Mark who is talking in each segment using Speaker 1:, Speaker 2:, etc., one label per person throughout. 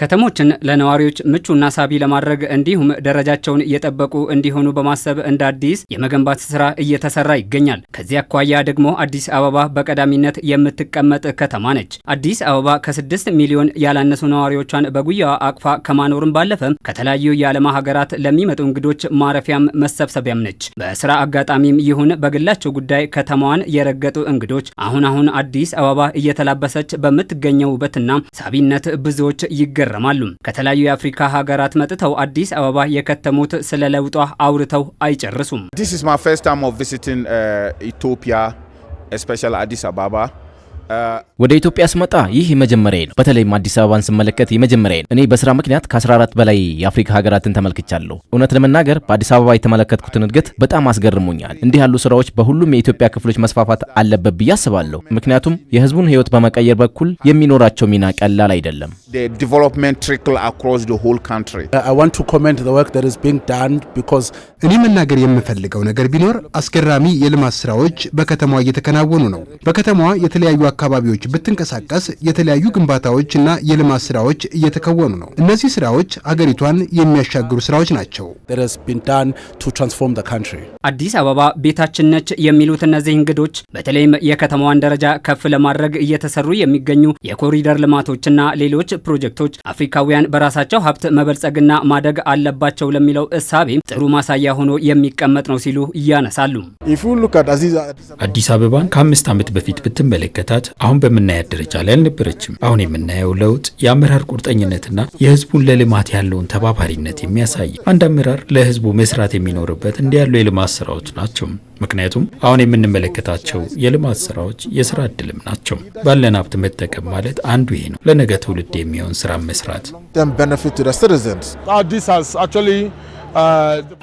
Speaker 1: ከተሞችን ለነዋሪዎች ምቹና ሳቢ ለማድረግ እንዲሁም ደረጃቸውን እየጠበቁ እንዲሆኑ በማሰብ እንደ አዲስ የመገንባት ስራ እየተሰራ ይገኛል። ከዚህ አኳያ ደግሞ አዲስ አበባ በቀዳሚነት የምትቀመጥ ከተማ ነች። አዲስ አበባ ከስድስት ሚሊዮን ያላነሱ ነዋሪዎቿን በጉያዋ አቅፋ ከማኖርም ባለፈ ከተለያዩ የዓለም ሀገራት ለሚመጡ እንግዶች ማረፊያም መሰብሰቢያም ነች። በስራ አጋጣሚም ይሁን በግላቸው ጉዳይ ከተማዋን የረገጡ እንግዶች አሁን አሁን አዲስ አበባ እየተላበሰች በምትገኘው ውበትና ሳቢነት ብዙዎች ይገ ይገረማሉ። ከተለያዩ የአፍሪካ ሀገራት መጥተው አዲስ አበባ የከተሙት ስለ ለውጧ አውርተው አይጨርሱም።
Speaker 2: ኢትዮጵያ አዲስ አበባ
Speaker 1: ወደ ኢትዮጵያ ስመጣ ይህ የመጀመሪያ ነው። በተለይም አዲስ አበባን ስመለከት የመጀመሪያ ነው። እኔ በስራ ምክንያት ከ14 በላይ የአፍሪካ ሀገራትን ተመልክቻለሁ። እውነት ለመናገር በአዲስ አበባ የተመለከትኩትን እድገት በጣም አስገርሞኛል። እንዲህ ያሉ ስራዎች በሁሉም የኢትዮጵያ ክፍሎች መስፋፋት አለበት ብዬ አስባለሁ። ምክንያቱም የህዝቡን ህይወት በመቀየር በኩል የሚኖራቸው ሚና ቀላል አይደለም።
Speaker 3: uh,
Speaker 1: እኔ መናገር የምፈልገው ነገር ቢኖር አስገራሚ የልማት ስራዎች በከተማዋ እየተከናወኑ ነው። በከተማዋ የተለያዩ አካባቢዎች ብትንቀሳቀስ የተለያዩ ግንባታዎች እና የልማት ስራዎች እየተከወኑ ነው። እነዚህ ስራዎች አገሪቷን የሚያሻግሩ ስራዎች ናቸው። አዲስ አበባ ቤታችን ነች የሚሉት እነዚህ እንግዶች በተለይም የከተማዋን ደረጃ ከፍ ለማድረግ እየተሰሩ የሚገኙ የኮሪደር ልማቶችና ሌሎች ፕሮጀክቶች አፍሪካውያን በራሳቸው ሀብት መበልጸግና ማደግ አለባቸው ለሚለው እሳቤ ጥሩ ማሳያ ሆኖ የሚቀመጥ ነው ሲሉ እያነሳሉ። አዲስ አበባን ከአምስት ዓመት በፊት ብትመለከታት አሁን በምናያት ደረጃ ላይ አልነበረችም። አሁን የምናየው ለውጥ የአመራር ቁርጠኝነትና የህዝቡን ለልማት ያለውን ተባባሪነት የሚያሳይ አንድ አመራር ለህዝቡ መስራት የሚኖርበት እንዲ ያሉ የልማት ስራዎች ናቸው። ምክንያቱም አሁን የምንመለከታቸው የልማት ስራዎች የስራ እድልም ናቸው። ባለን ሀብት መጠቀም ማለት አንዱ ይሄ ነው። ለነገ ትውልድ የሚሆን ስራ መስራት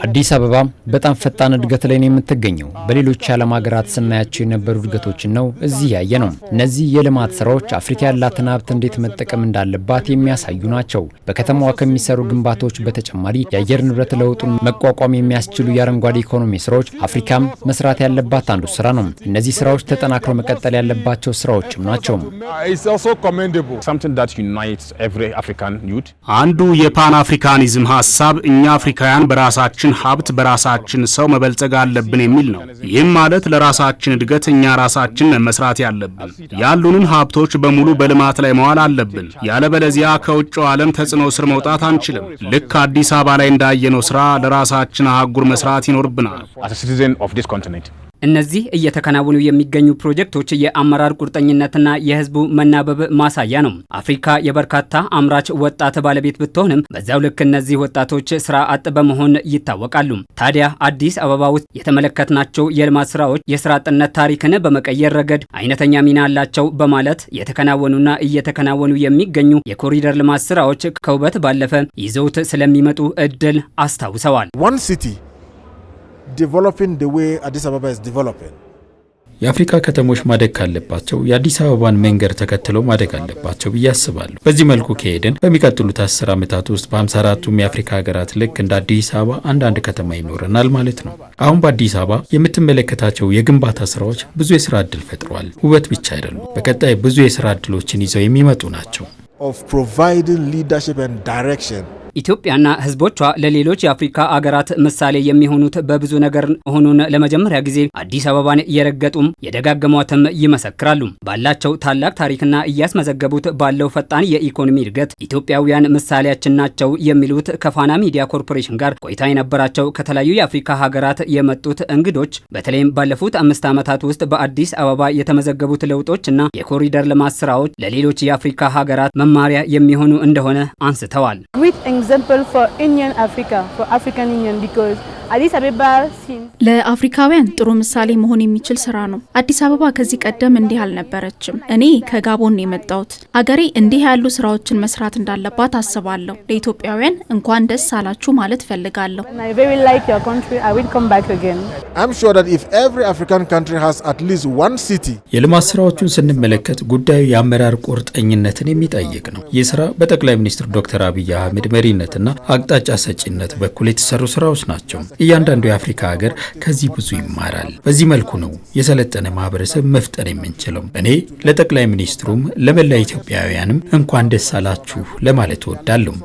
Speaker 1: አዲስ አበባ በጣም ፈጣን እድገት ላይ ነው የምትገኘው። በሌሎች የዓለም ሀገራት ስናያቸው የነበሩ እድገቶችን ነው እዚህ ያየ ነው። እነዚህ የልማት ስራዎች አፍሪካ ያላትን ሀብት እንዴት መጠቀም እንዳለባት የሚያሳዩ ናቸው። በከተማዋ ከሚሰሩ ግንባታዎች በተጨማሪ የአየር ንብረት ለውጡን መቋቋም የሚያስችሉ የአረንጓዴ ኢኮኖሚ ስራዎች አፍሪካም መስራት ያለባት አንዱ ስራ ነው። እነዚህ ስራዎች ተጠናክረው መቀጠል ያለባቸው ስራዎችም ናቸው። አንዱ የፓን አፍሪካኒዝም ሀሳብ እኛ አፍሪካውያን ኢትዮጵያውያን በራሳችን ሀብት በራሳችን ሰው መበልጸግ አለብን የሚል ነው። ይህም ማለት ለራሳችን እድገት እኛ ራሳችን መስራት ያለብን፣ ያሉንን ሀብቶች በሙሉ በልማት ላይ መዋል አለብን። ያለበለዚያ ከውጭው ዓለም ተጽዕኖ ስር መውጣት አንችልም። ልክ አዲስ አበባ ላይ እንዳየነው ስራ ለራሳችን አህጉር መስራት ይኖርብናል። እነዚህ እየተከናወኑ የሚገኙ ፕሮጀክቶች የአመራር ቁርጠኝነትና የህዝቡ መናበብ ማሳያ ነው። አፍሪካ የበርካታ አምራች ወጣት ባለቤት ብትሆንም በዚያው ልክ እነዚህ ወጣቶች ስራ አጥ በመሆን ይታወቃሉ። ታዲያ አዲስ አበባ ውስጥ የተመለከትናቸው የልማት ስራዎች የስራ አጥነት ታሪክን በመቀየር ረገድ አይነተኛ ሚና አላቸው በማለት የተከናወኑና እየተከናወኑ የሚገኙ የኮሪደር ልማት ስራዎች ከውበት ባለፈ ይዘውት ስለሚመጡ እድል አስታውሰዋል።
Speaker 2: developing the way Addis Ababa is developing.
Speaker 1: የአፍሪካ ከተሞች ማደግ ካለባቸው የአዲስ አበባን መንገድ ተከትለው ማደግ አለባቸው ብዬ አስባለሁ። በዚህ መልኩ ከሄድን በሚቀጥሉት አስር ዓመታት ውስጥ በ54ቱም የአፍሪካ ሀገራት ልክ እንደ አዲስ አበባ አንዳንድ ከተማ ይኖረናል ማለት ነው። አሁን በአዲስ አበባ የምትመለከታቸው የግንባታ ስራዎች ብዙ የስራ ዕድል ፈጥረዋል። ውበት ብቻ አይደሉም፣ በቀጣይ ብዙ የስራ ዕድሎችን ይዘው የሚመጡ ናቸው። ኢትዮጵያና ህዝቦቿ ለሌሎች የአፍሪካ አገራት ምሳሌ የሚሆኑት በብዙ ነገር መሆኑን ለመጀመሪያ ጊዜ አዲስ አበባን የረገጡም የደጋገሟትም ይመሰክራሉ። ባላቸው ታላቅ ታሪክና እያስመዘገቡት ባለው ፈጣን የኢኮኖሚ እድገት ኢትዮጵያውያን ምሳሌያችን ናቸው የሚሉት ከፋና ሚዲያ ኮርፖሬሽን ጋር ቆይታ የነበራቸው ከተለያዩ የአፍሪካ ሀገራት የመጡት እንግዶች በተለይም ባለፉት አምስት ዓመታት ውስጥ በአዲስ አበባ የተመዘገቡት ለውጦች እና የኮሪደር ልማት ስራዎች ለሌሎች የአፍሪካ ሀገራት መማሪያ የሚሆኑ እንደሆነ አንስተዋል።
Speaker 4: example for Union Africa, for African Union, because አዲስ አበባ
Speaker 1: ለአፍሪካውያን ጥሩ ምሳሌ መሆን የሚችል ስራ ነው። አዲስ አበባ ከዚህ ቀደም እንዲህ አልነበረችም። እኔ ከጋቦን የመጣሁት አገሬ እንዲህ ያሉ ስራዎችን መስራት እንዳለባት አስባለሁ። ለኢትዮጵያውያን እንኳን ደስ አላችሁ ማለት ፈልጋለሁ። የልማት ስራዎቹን ስንመለከት ጉዳዩ የአመራር ቁርጠኝነትን የሚጠይቅ ነው። ይህ ስራ በጠቅላይ ሚኒስትር ዶክተር አብይ አህመድ መሪነትና አቅጣጫ ሰጪነት በኩል የተሰሩ ስራዎች ናቸው። እያንዳንዱ የአፍሪካ ሀገር ከዚህ ብዙ ይማራል። በዚህ መልኩ ነው የሰለጠነ ማህበረሰብ መፍጠር የምንችለው። እኔ ለጠቅላይ ሚኒስትሩም ለመላ ኢትዮጵያውያንም እንኳን ደስ አላችሁ ለማለት እወዳለሁ።